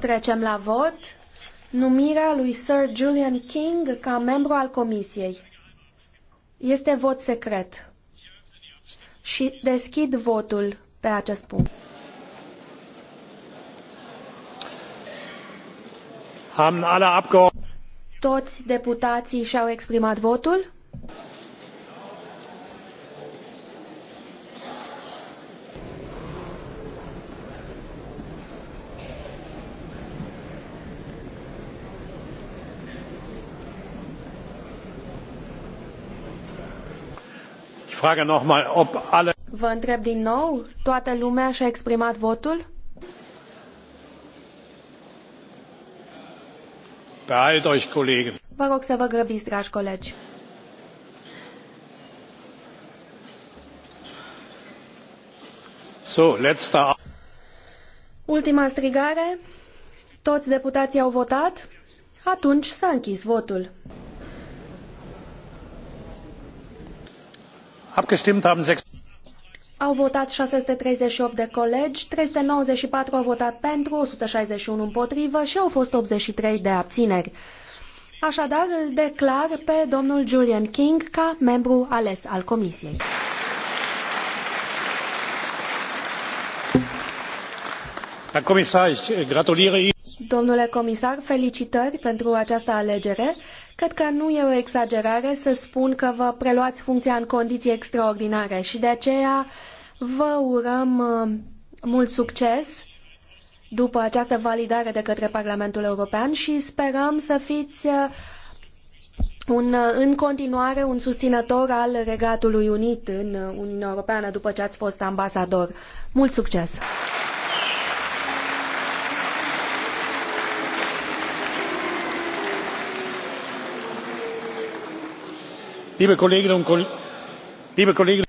Trecem la vot. Numirea lui Sir Julian King ca membru al comisiei. Este vot secret. Și deschid votul pe acest punct. Toți deputații și-au exprimat votul? Vă întreb din nou, toată lumea și-a exprimat votul? Beeilt euch, Kollegen. Vă rog să vă grăbiți, dragi colegi. So, letzter... Ultima strigare. Toți deputații au votat? Atunci s-a închis votul. Au votat 638 de colegi, 394 au votat pentru, 161 împotrivă și au fost 83 de abțineri. Așadar, îl declar pe domnul Julian King ca membru ales al Comisiei. Comisar, Domnule comisar, felicitări pentru această alegere. Cred că nu e o exagerare să spun că vă preluați funcția în condiții extraordinare și de aceea vă urăm uh, mult succes după această validare de către Parlamentul European și sperăm să fiți uh, un, uh, în continuare un susținător al Regatului Unit în Uniunea Europeană după ce ați fost ambasador. Mult succes! Stimate colegi,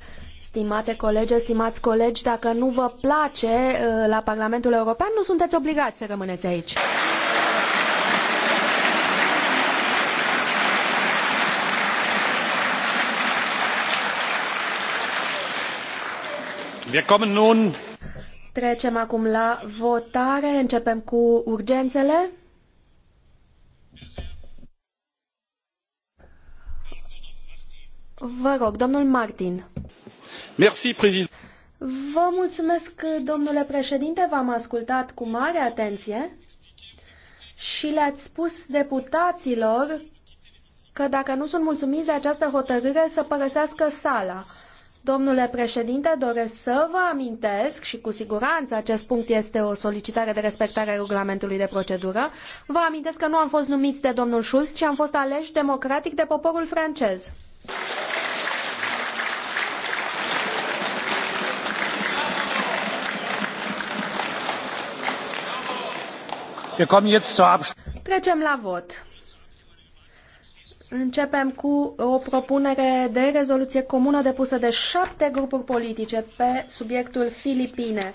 stimați colegi, dacă nu vă place uh, la Parlamentul European, nu sunteți obligați să rămâneți aici. Trecem acum la votare. Începem cu urgențele. Vă rog, domnul Martin. Merci, Vă mulțumesc, domnule președinte, v-am ascultat cu mare atenție și le-ați spus deputaților că dacă nu sunt mulțumiți de această hotărâre să părăsească sala. Domnule președinte, doresc să vă amintesc și cu siguranță acest punct este o solicitare de respectare a regulamentului de procedură. Vă amintesc că nu am fost numiți de domnul Schulz, ci am fost aleși democratic de poporul francez. Trecem la vot. Începem cu o propunere de rezoluție comună depusă de șapte grupuri politice pe subiectul Filipine.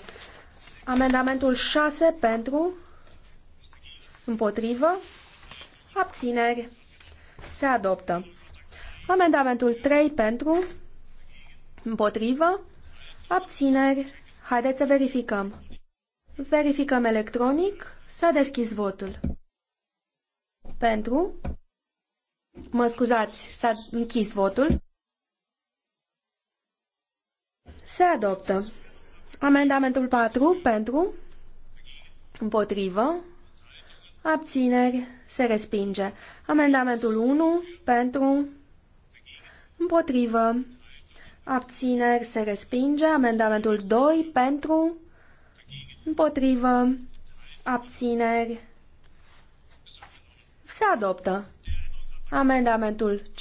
Amendamentul 6 pentru, împotrivă, abțineri, se adoptă. Amendamentul 3 pentru, împotrivă, abțineri, haideți să verificăm. Verificăm electronic. S-a deschis votul. Pentru. Mă scuzați, s-a închis votul. Se adoptă. Amendamentul 4 pentru, împotrivă, abțineri, se respinge. Amendamentul 1 pentru, împotrivă, abțineri, se respinge. Amendamentul 2 pentru, împotrivă, abțineri, se adoptă. Amendamentul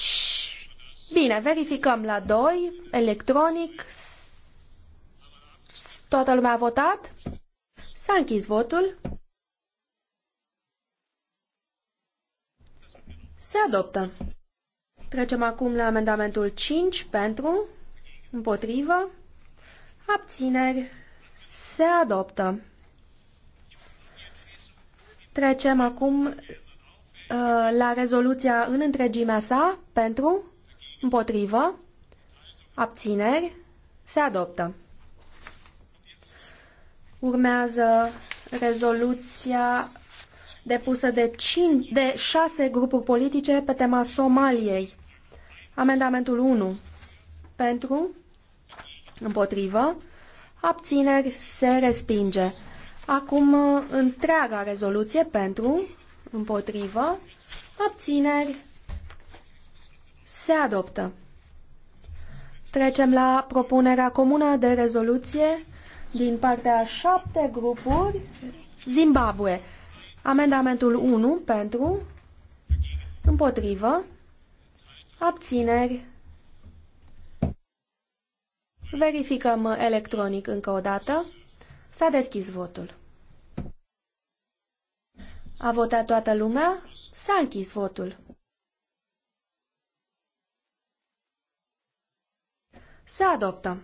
Bine, verificăm la 2, electronic. Toată lumea a votat? S-a închis votul. Se adoptă. Trecem acum la amendamentul 5 pentru, împotrivă, abțineri, se adoptă. Trecem acum uh, la rezoluția în întregimea sa pentru, împotrivă, abțineri, se adoptă. Urmează rezoluția depusă de, cinci, de șase grupuri politice pe tema Somaliei. Amendamentul 1 pentru, împotrivă, abțineri se respinge. Acum uh, întreaga rezoluție pentru, împotrivă, abțineri, se adoptă. Trecem la propunerea comună de rezoluție din partea a șapte grupuri. Zimbabwe. Amendamentul 1 pentru, împotrivă, abțineri. Verificăm electronic încă o dată. S-a deschis votul. A votat toată lumea? S-a închis votul. Se adoptă.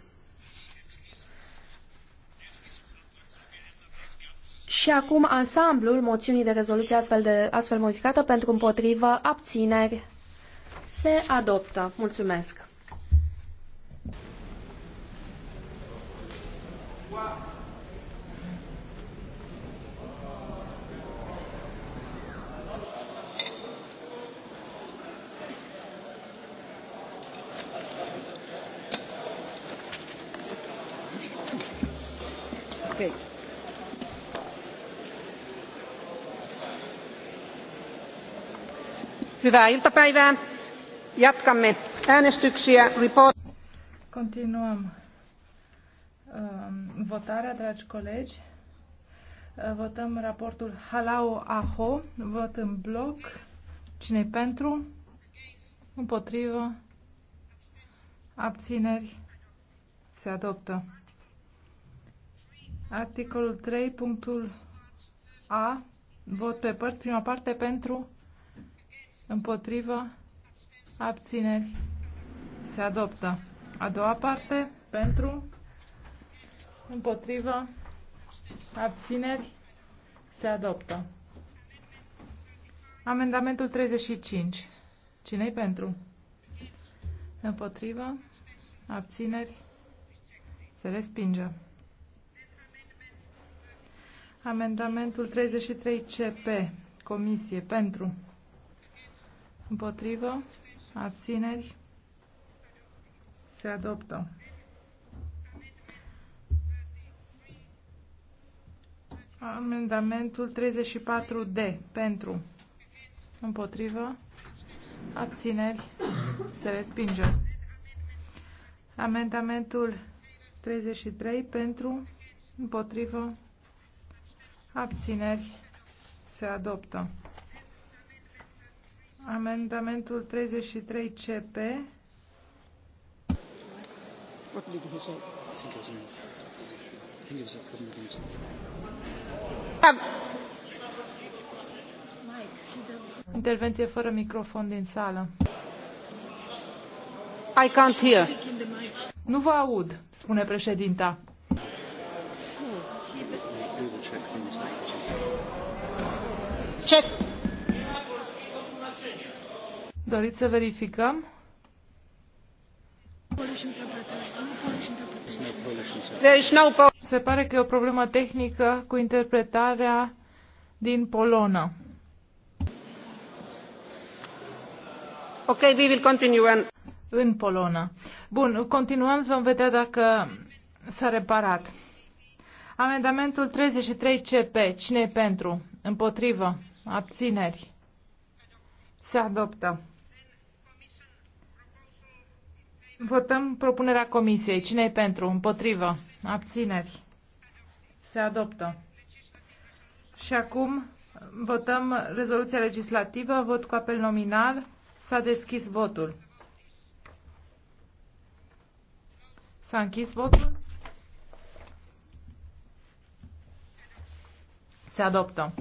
Și acum ansamblul moțiunii de rezoluție astfel, de, astfel modificată pentru împotrivă abțineri se adoptă. Mulțumesc! Hyvää iltapäivää. Jatkamme äänestyksiä. Continuăm um, votarea, dragi colegi. Uh, votăm raportul Halau-Aho. Vot în bloc. cine pentru? Împotrivă? Abțineri? Se adoptă. Articolul 3, punctul A. Vot pe părți. Prima parte pentru Împotrivă. Abțineri. Se adoptă. A doua parte. Pentru. Împotrivă. Abțineri. Se adoptă. Amendamentul 35. Cine-i pentru? Împotrivă. Abțineri. Se respinge. Amendamentul 33 CP. Comisie pentru. Împotrivă. Abțineri. Se adoptă. Amendamentul 34D. Pentru. Împotrivă. Abțineri. Se respinge. Amendamentul 33 pentru, împotrivă, abțineri, se adoptă. Amendamentul 33 CP. Intervenție fără microfon din sală. I can't hear. Nu vă aud, spune președinta. Check. Doriți să verificăm? Se pare că e o problemă tehnică cu interpretarea din polonă. Ok, we will continue. În polonă. Bun, continuăm, vom vedea dacă s-a reparat. Amendamentul 33 CP. Cine e pentru? Împotrivă? Abțineri? Se adoptă. Votăm propunerea comisiei. cine e pentru? Împotrivă. Abțineri. Se adoptă. Și acum votăm rezoluția legislativă. Vot cu apel nominal. S-a deschis votul. S-a închis votul. Se adoptă.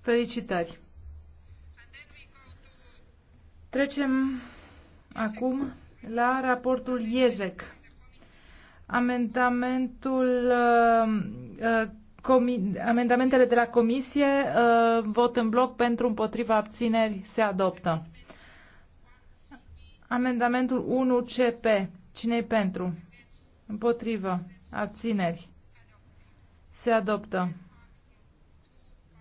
Felicitări! Trecem acum la raportul IEZEC. Amendamentul, uh, uh, comi, amendamentele de la comisie, uh, vot în bloc pentru împotriva abțineri, se adoptă. Amendamentul 1 CP. cine pentru? Împotrivă. Abțineri. Se adoptă.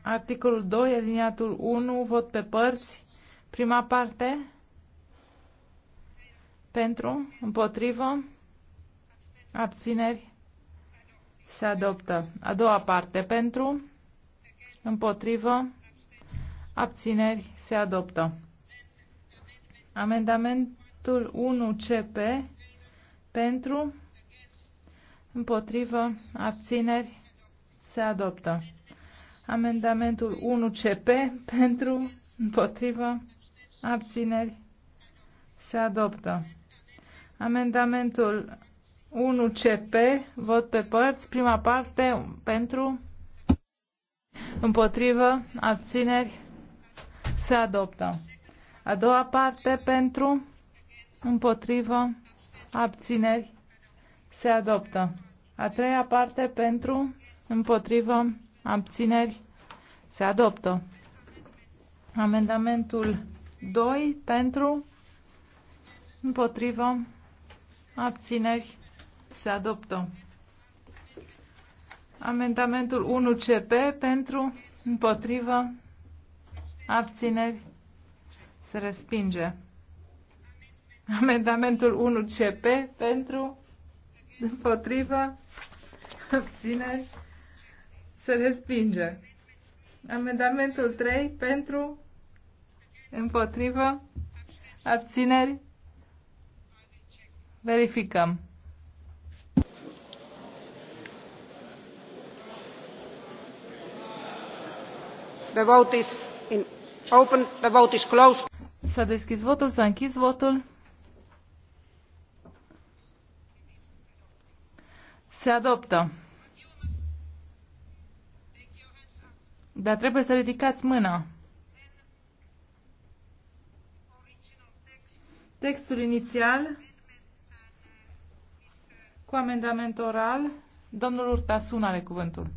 Articolul 2, aliniatul 1, vot pe părți. Prima parte. Pentru, împotrivă, abțineri, se adoptă. A doua parte. Pentru, împotrivă, abțineri, se adoptă. Amendamentul 1 CP pentru, împotrivă, abțineri, se adoptă. Amendamentul 1 CP pentru, împotrivă, abțineri, se adoptă. Amendamentul 1CP, vot pe părți, prima parte, pentru, împotrivă, abțineri, se adoptă. A doua parte, pentru, împotrivă, abțineri, se adoptă. A treia parte, pentru, împotrivă, abțineri, se adoptă. Amendamentul 2 pentru, împotrivă, abțineri, se adoptă. Amendamentul 1 CP pentru, împotrivă, abțineri, se respinge. Amendamentul 1 CP pentru, împotrivă, abțineri, se respinge. Amendamentul 3 pentru, Împotrivă? Abțineri? Verificăm. The vote is in open. The vote is closed. S-a deschis votul, s-a închis votul. Se adoptă. Dar trebuie să ridicați mâna. Textul inițial cu amendament oral. Domnul Urtasun are cuvântul.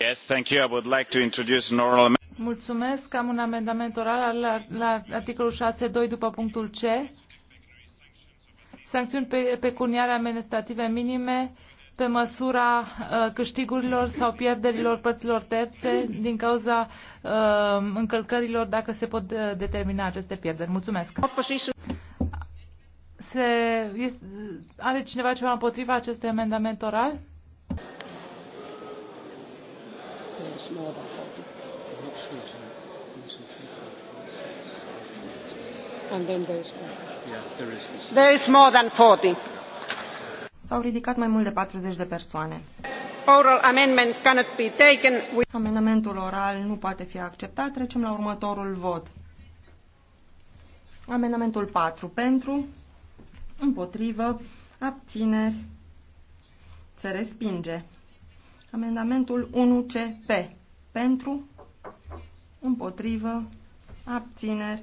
Yes, thank you. I would like to introduce an oral Mulțumesc. Am un amendament oral la, la articolul 6.2 după punctul C. Sancțiuni pecuniare administrative minime pe măsura uh, câștigurilor sau pierderilor părților terțe din cauza uh, încălcărilor dacă se pot uh, determina aceste pierderi. Mulțumesc! Se, este, are cineva ceva împotriva acestui amendament oral? And then there is, there is more than 40 s-au ridicat mai mult de 40 de persoane. Oral amendment cannot be taken Amendamentul oral nu poate fi acceptat. Trecem la următorul vot. Amendamentul 4 pentru, împotrivă, abțineri, se respinge. Amendamentul 1CP pentru, împotrivă, abțineri,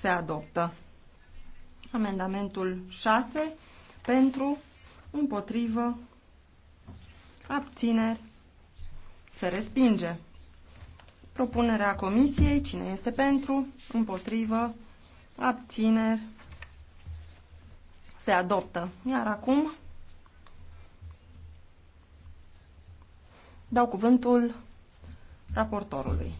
se adoptă. Amendamentul 6 pentru, împotrivă, abțineri, se respinge. Propunerea comisiei, cine este pentru, împotrivă, abțineri, se adoptă. Iar acum dau cuvântul raportorului.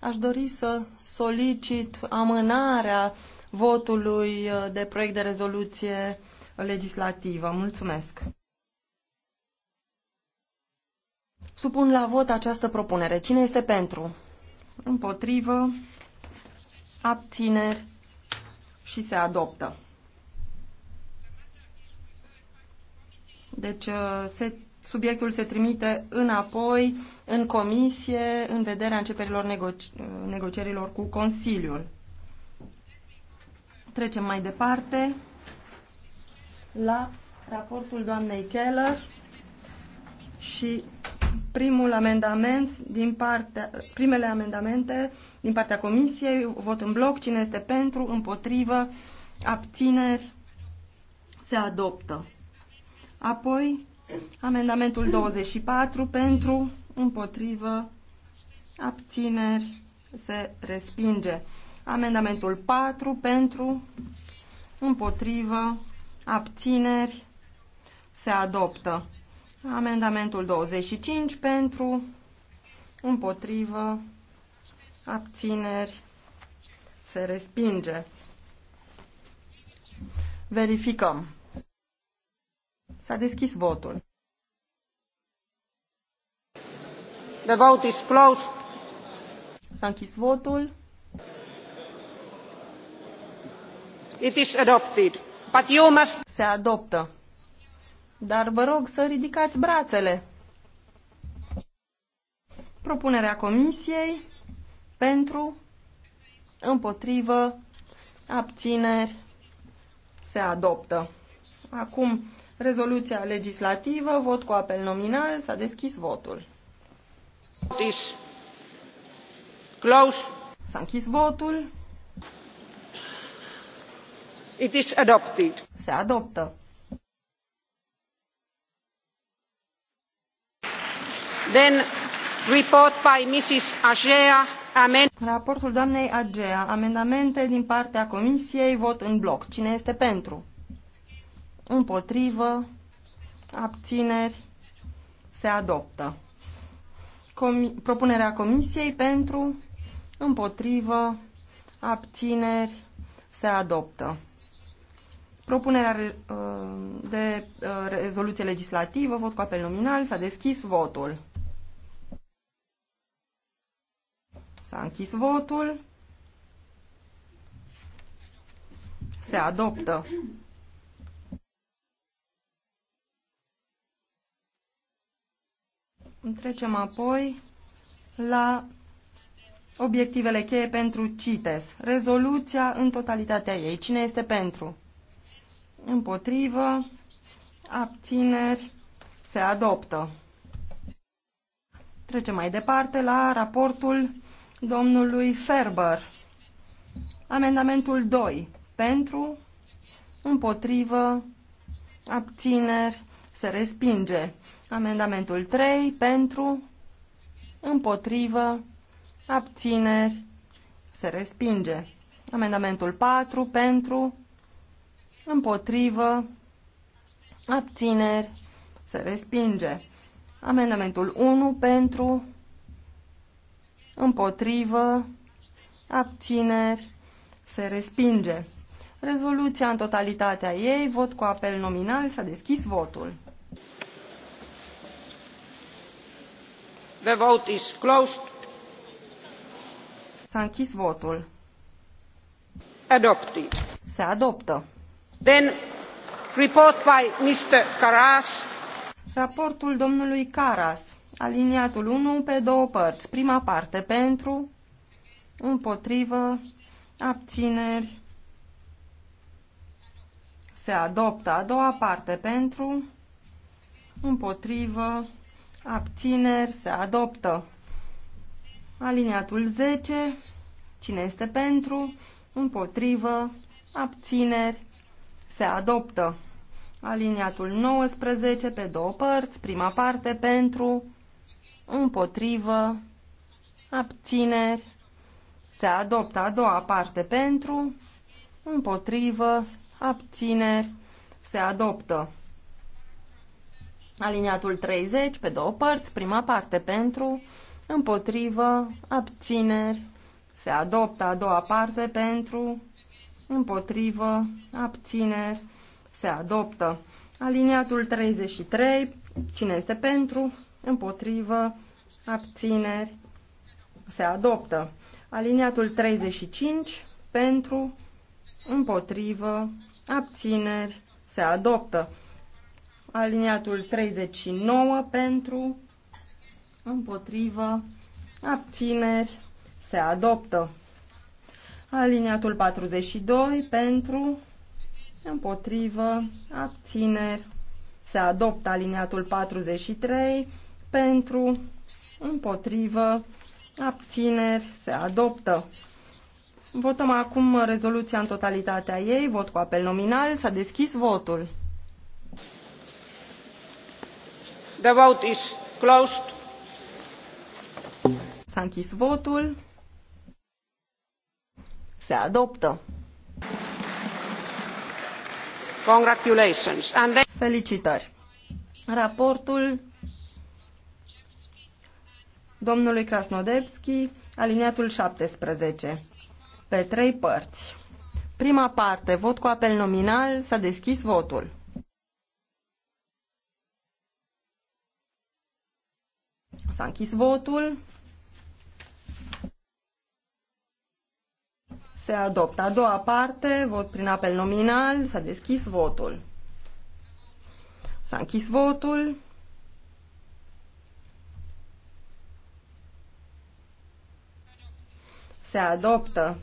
Aș dori să solicit amânarea votului uh, de proiect de rezoluție legislativă. Mulțumesc! Supun la vot această propunere. Cine este pentru? Împotrivă, abțineri și se adoptă. Deci uh, se, subiectul se trimite înapoi în comisie în vederea începerilor negoci uh, negocierilor cu Consiliul. Trecem mai departe la raportul doamnei Keller și primul amendament din partea, primele amendamente din partea Comisiei, vot în bloc, cine este pentru, împotrivă, abțineri, se adoptă. Apoi, amendamentul 24 pentru, împotrivă, abțineri, se respinge. Amendamentul 4 pentru, împotrivă, abțineri, se adoptă. Amendamentul 25 pentru, împotrivă, abțineri, se respinge. Verificăm. S-a deschis votul. The vote is closed. S-a închis votul. Se adoptă. Dar vă rog să ridicați brațele. Propunerea comisiei pentru, împotrivă, abțineri, se adoptă. Acum, rezoluția legislativă, vot cu apel nominal, s-a deschis votul. S-a închis votul. It is adopted. Se adoptă. Then report by Mrs. Agea. Amen. Raportul doamnei Agea. Amendamente din partea Comisiei. Vot în bloc. Cine este pentru? Împotrivă. Abțineri. Se adoptă. Comi propunerea Comisiei pentru, împotrivă, abțineri, se adoptă. Propunerea uh, de uh, rezoluție legislativă, vot cu apel nominal, s-a deschis votul. S-a închis votul. Se adoptă. Trecem apoi la obiectivele cheie pentru CITES. Rezoluția în totalitatea ei. Cine este pentru? împotrivă, abțineri, se adoptă. Trecem mai departe la raportul domnului Ferber. Amendamentul 2. Pentru, împotrivă, abțineri, se respinge. Amendamentul 3. Pentru, împotrivă, abțineri, se respinge. Amendamentul 4. Pentru, împotrivă, abțineri, se respinge. Amendamentul 1 pentru, împotrivă, abțineri, se respinge. Rezoluția în totalitatea ei, vot cu apel nominal, s-a deschis votul. The vote is closed. S-a închis votul. Adopted. Se adoptă. Then, report by Mr. Caras. Raportul domnului Caras. Aliniatul 1 pe două părți. Prima parte pentru, împotrivă, abțineri. Se adoptă a doua parte pentru, împotrivă, abțineri, se adoptă. Aliniatul 10, cine este pentru, împotrivă, abțineri, se adoptă. Aliniatul 19 pe două părți, prima parte pentru, împotrivă, abțineri, se adoptă a doua parte pentru, împotrivă, abțineri, se adoptă. Aliniatul 30 pe două părți, prima parte pentru, împotrivă, abțineri, se adoptă a doua parte pentru, împotrivă, abțineri, se adoptă. Aliniatul 33, cine este pentru, împotrivă, abțineri, se adoptă. Aliniatul 35, pentru, împotrivă, abțineri, se adoptă. Aliniatul 39, pentru, împotrivă, abțineri, se adoptă. Aliniatul 42 pentru, împotrivă, abțineri. Se adoptă aliniatul 43 pentru, împotrivă, abțineri. Se adoptă. Votăm acum rezoluția în totalitatea ei. Vot cu apel nominal. S-a deschis votul. The vote is closed. S-a închis votul se adoptă. Congratulations. And then... Felicitări. Raportul domnului Krasnodebski, aliniatul 17, pe trei părți. Prima parte, vot cu apel nominal, s-a deschis votul. S-a închis votul. Se adoptă. A doua parte, vot prin apel nominal, s-a deschis votul. S-a închis votul. Se adoptă.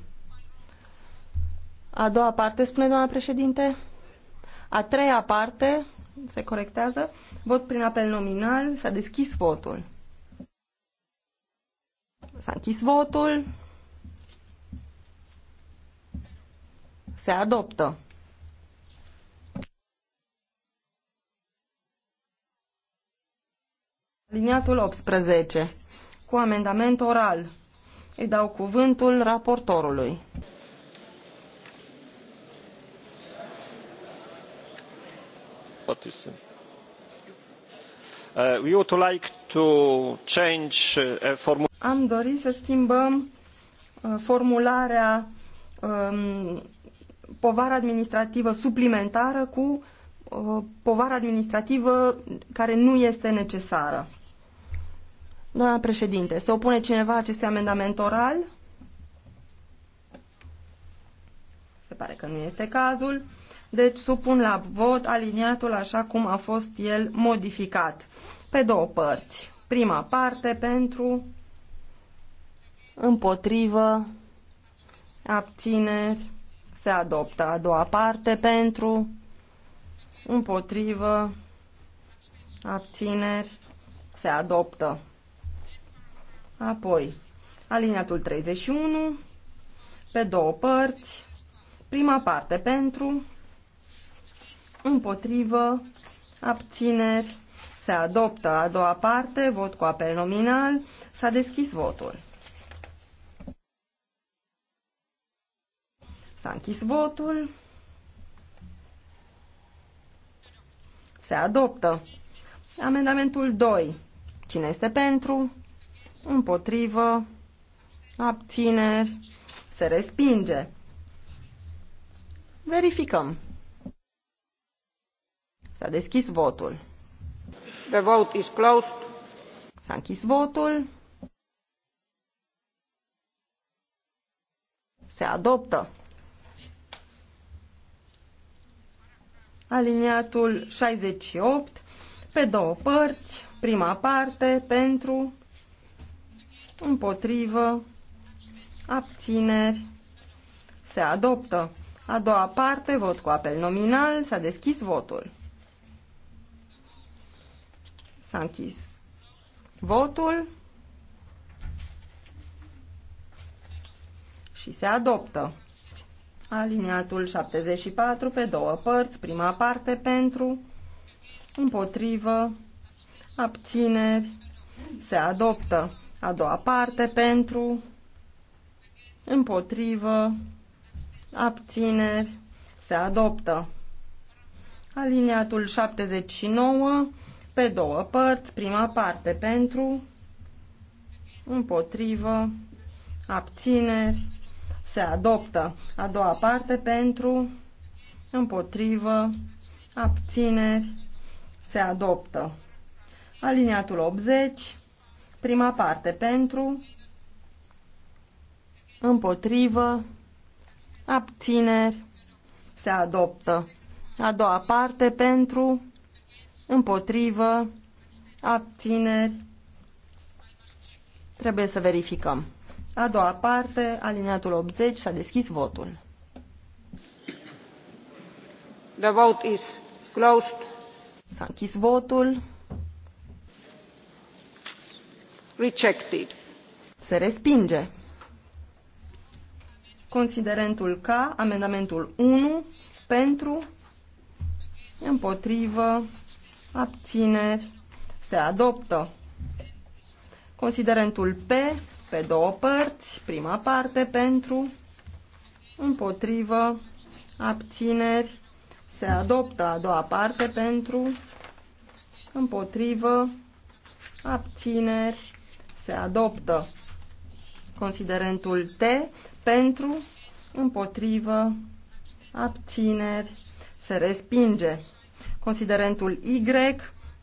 A doua parte, spune doamna președinte. A treia parte, se corectează, vot prin apel nominal, s-a deschis votul. S-a închis votul. Se adoptă. Aliniatul 18. Cu amendament oral. Îi dau cuvântul raportorului. Uh, uh, Am dorit să schimbăm uh, formularea um, povară administrativă suplimentară cu uh, povară administrativă care nu este necesară. Doamna președinte, se opune cineva acestui amendament oral? Se pare că nu este cazul. Deci supun la vot aliniatul așa cum a fost el modificat. Pe două părți. Prima parte pentru împotrivă abțineri se adoptă. A doua parte pentru, împotrivă, abțineri, se adoptă. Apoi, aliniatul 31, pe două părți, prima parte pentru, împotrivă, abțineri, se adoptă. A doua parte, vot cu apel nominal, s-a deschis votul. S-a închis votul. Se adoptă. Amendamentul 2. Cine este pentru? Împotrivă? Abțineri? Se respinge. Verificăm. S-a deschis votul. The vote is closed. S-a închis votul. Se adoptă. aliniatul 68, pe două părți, prima parte, pentru, împotrivă, abțineri, se adoptă. A doua parte, vot cu apel nominal, s-a deschis votul. S-a închis votul și se adoptă. Aliniatul 74 pe două părți, prima parte pentru, împotrivă, abțineri, se adoptă. A doua parte pentru, împotrivă, abțineri, se adoptă. Aliniatul 79 pe două părți, prima parte pentru, împotrivă, abțineri, se adoptă. A doua parte pentru, împotrivă, abțineri, se adoptă. Aliniatul 80, prima parte pentru, împotrivă, abțineri, se adoptă. A doua parte pentru, împotrivă, abțineri, trebuie să verificăm. A doua parte, alineatul 80, s-a deschis votul. The vote is closed. S-a închis votul. Rejected. Se respinge. Considerentul K, amendamentul 1, pentru, împotrivă, abțineri, se adoptă. Considerentul P, pe două părți, prima parte pentru, împotrivă, abțineri, se adoptă a doua parte pentru, împotrivă, abțineri, se adoptă considerentul T pentru, împotrivă, abțineri, se respinge. Considerentul Y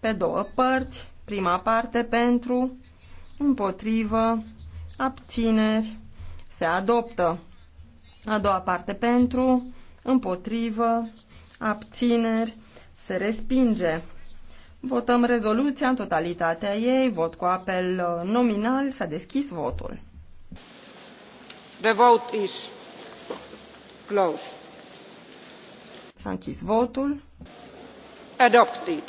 pe două părți, prima parte pentru, împotrivă, abțineri, se adoptă. A doua parte pentru, împotrivă, abțineri, se respinge. Votăm rezoluția în totalitatea ei, vot cu apel uh, nominal, s-a deschis votul. The vote is closed. S-a închis votul. Adopted.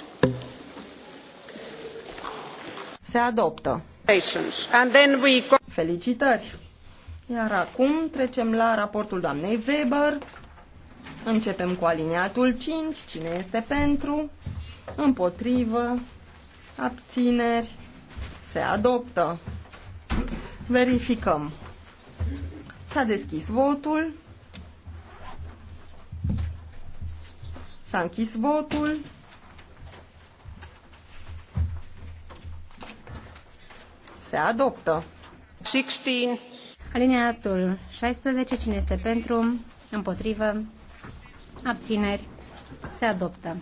Se adoptă. And then we Felicitări! Iar acum trecem la raportul doamnei Weber. Începem cu aliniatul 5. Cine este pentru? Împotrivă? Abțineri? Se adoptă. Verificăm. S-a deschis votul. S-a închis votul. Se adoptă. 16. Alineatul 16. Cine este pentru? Împotrivă? Abțineri? Se adoptă.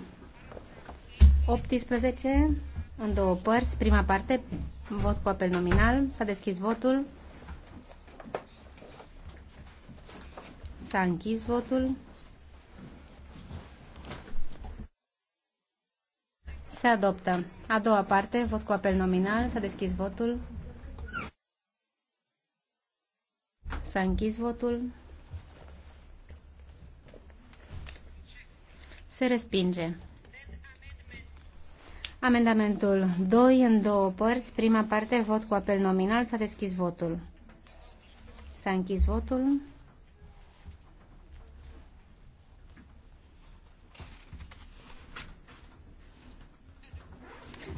18. În două părți. Prima parte. Vot cu apel nominal. S-a deschis votul. S-a închis votul. Se adoptă. A doua parte, vot cu apel nominal. S-a deschis votul. S-a închis votul. Se respinge. Amendamentul 2 în două părți. Prima parte, vot cu apel nominal. S-a deschis votul. S-a închis votul.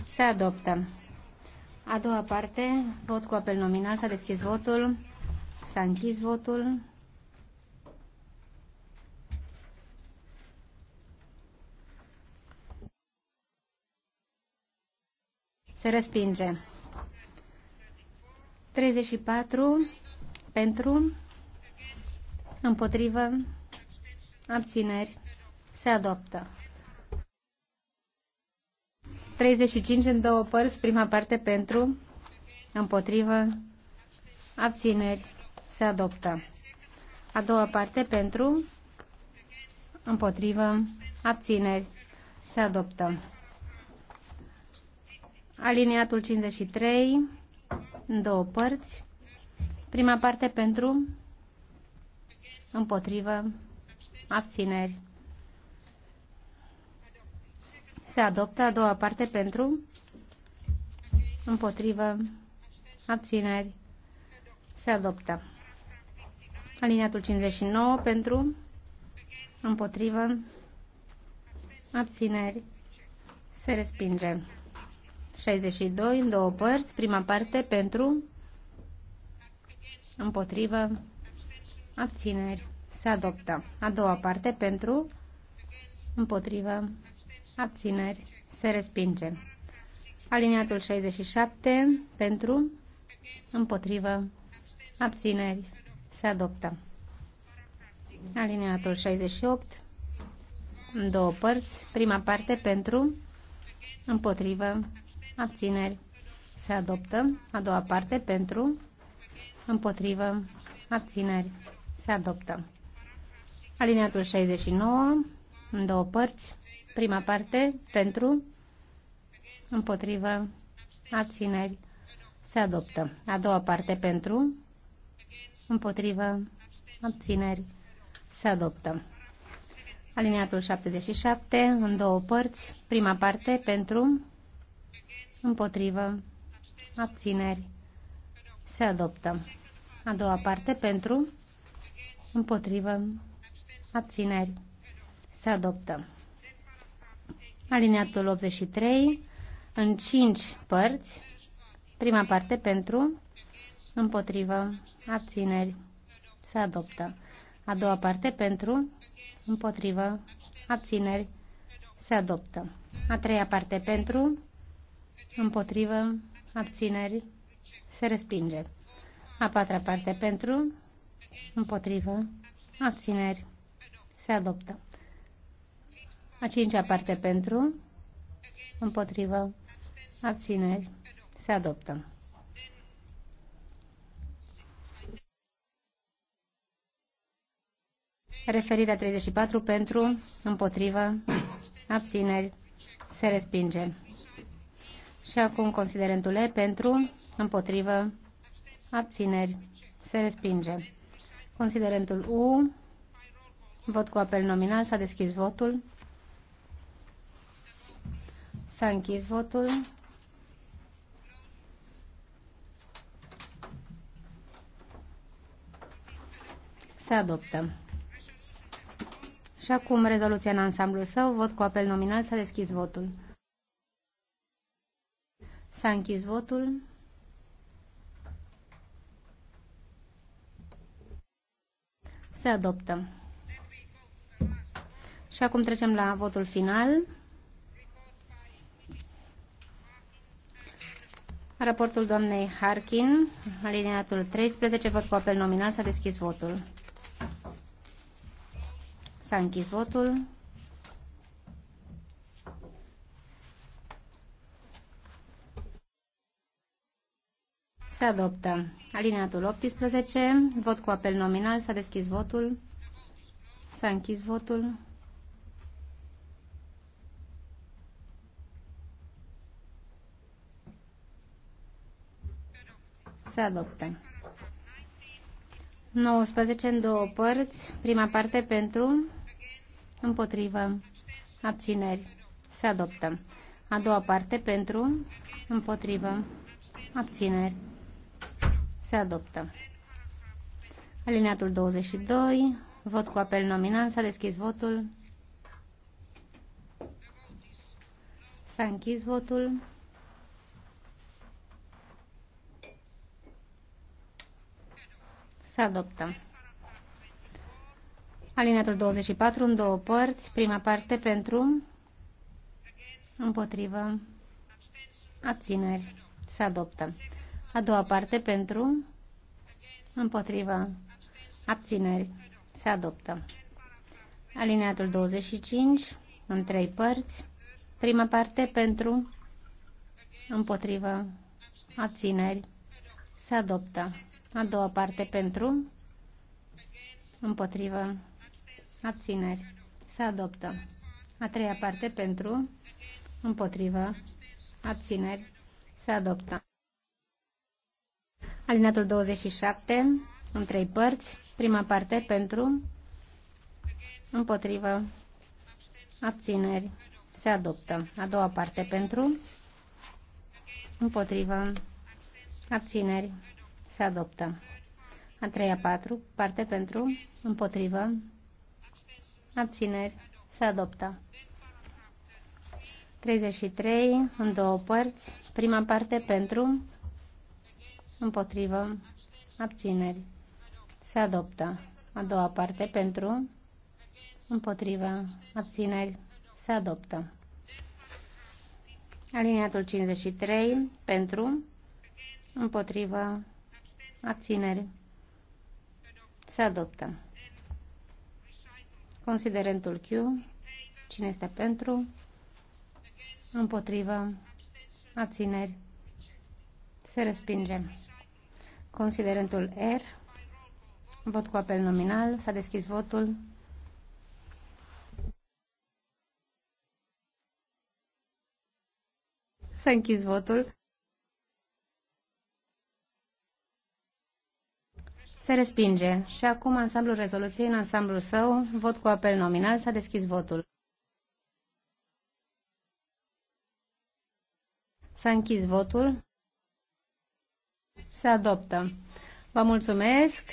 Se adoptă. A doua parte, vot cu apel nominal. S-a deschis votul. S-a închis votul. Se respinge. 34 pentru, împotrivă, abțineri, se adoptă. 35 în două părți, prima parte pentru, împotrivă, abțineri, se adoptă. A doua parte pentru, împotrivă, abțineri, se adoptă. Aliniatul 53, în două părți. Prima parte pentru, împotrivă, abțineri. Se adoptă a doua parte pentru, împotrivă, abțineri. Se adoptă. Aliniatul 59 pentru, împotrivă, abțineri, se respinge. 62 în două părți, prima parte pentru, împotrivă, abțineri, se adoptă. A doua parte pentru, împotrivă, abțineri, se respinge. Aliniatul 67 pentru, împotrivă, abțineri, se adoptă. Alineatul 68, în două părți. Prima parte pentru, împotrivă, abțineri. Se adoptă. A doua parte pentru, împotrivă, abțineri. Se adoptă. Alineatul 69, în două părți. Prima parte pentru, împotrivă, abțineri. Se adoptă. A doua parte pentru, împotrivă, abțineri, se adoptă. Alineatul 77, în două părți, prima parte pentru, împotrivă, abțineri, se adoptă. A doua parte pentru, împotrivă, abțineri, se adoptă. Alineatul 83, în cinci părți, prima parte pentru, împotrivă, abțineri, se adoptă. A doua parte pentru, împotrivă, abțineri, se adoptă. A treia parte pentru, împotrivă, abțineri, se respinge. A patra parte pentru, împotrivă, abțineri, se adoptă. A cincea parte pentru, împotrivă, abțineri, se adoptă. Referirea 34 pentru, împotrivă, abțineri, se respinge. Și acum considerentul E pentru, împotrivă, abțineri, se respinge. Considerentul U, vot cu apel nominal, s-a deschis votul. S-a închis votul. Se adoptă. Și acum rezoluția în ansamblul său, vot cu apel nominal, s-a deschis votul. S-a închis votul. Se adoptă. Și acum trecem la votul final. Raportul doamnei Harkin, alineatul 13, vot cu apel nominal, s-a deschis votul. S-a închis votul. Se adoptă. Alineatul 18. Vot cu apel nominal. S-a deschis votul. S-a închis votul. Se adoptă. 19 în două părți. Prima parte pentru împotrivă, abțineri, se adoptă. A doua parte pentru, împotrivă, abțineri, se adoptă. Alineatul 22, vot cu apel nominal, s-a deschis votul. S-a închis votul. Se adoptă. Alineatul 24 în două părți. Prima parte pentru, împotrivă, abțineri, se adoptă. A doua parte pentru, împotrivă, abțineri, se adoptă. Alineatul 25 în trei părți. Prima parte pentru, împotrivă, abțineri, se adoptă. A doua parte pentru, împotrivă, abțineri, se adoptă. A treia parte pentru, împotrivă, abțineri, se adoptă. Alineatul 27, în trei părți, prima parte pentru, împotrivă, abțineri, se adoptă. A doua parte pentru, împotrivă, abțineri, se adoptă. A treia patru, parte pentru, împotrivă, abțineri, se adoptă. 33 în două părți, prima parte pentru, împotrivă, abțineri, se adoptă. A doua parte pentru, împotrivă, abțineri, se adoptă. Aliniatul 53 pentru, împotrivă, abțineri, se adoptă. Considerentul Q. Cine este pentru? Împotrivă. Abțineri. Se respinge. Considerentul R. Vot cu apel nominal. S-a deschis votul. S-a închis votul. Se respinge. Și acum ansamblul rezoluției în ansamblul său, vot cu apel nominal, s-a deschis votul. S-a închis votul. Se adoptă. Vă mulțumesc.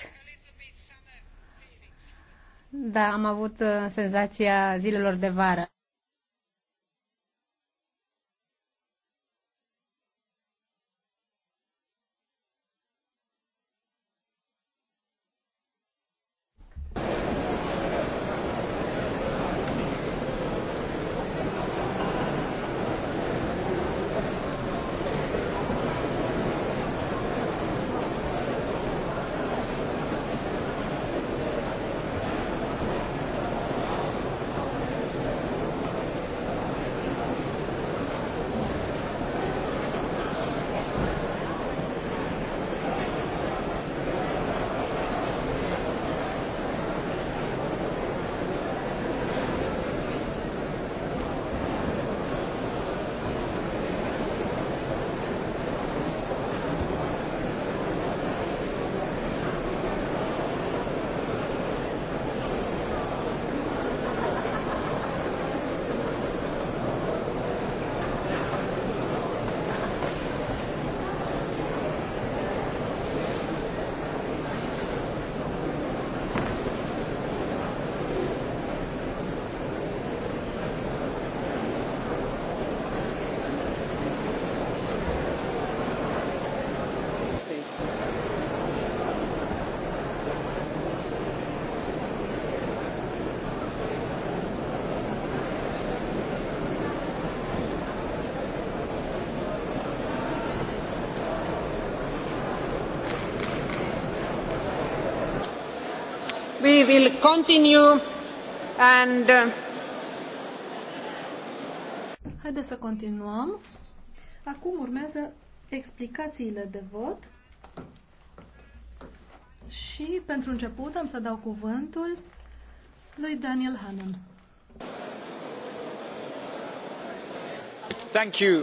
Da, am avut uh, senzația zilelor de vară. will continue and uh, Haideți să continuăm. Acum urmează explicațiile de vot. Și pentru început am să dau cuvântul lui Daniel Hannan. Thank you,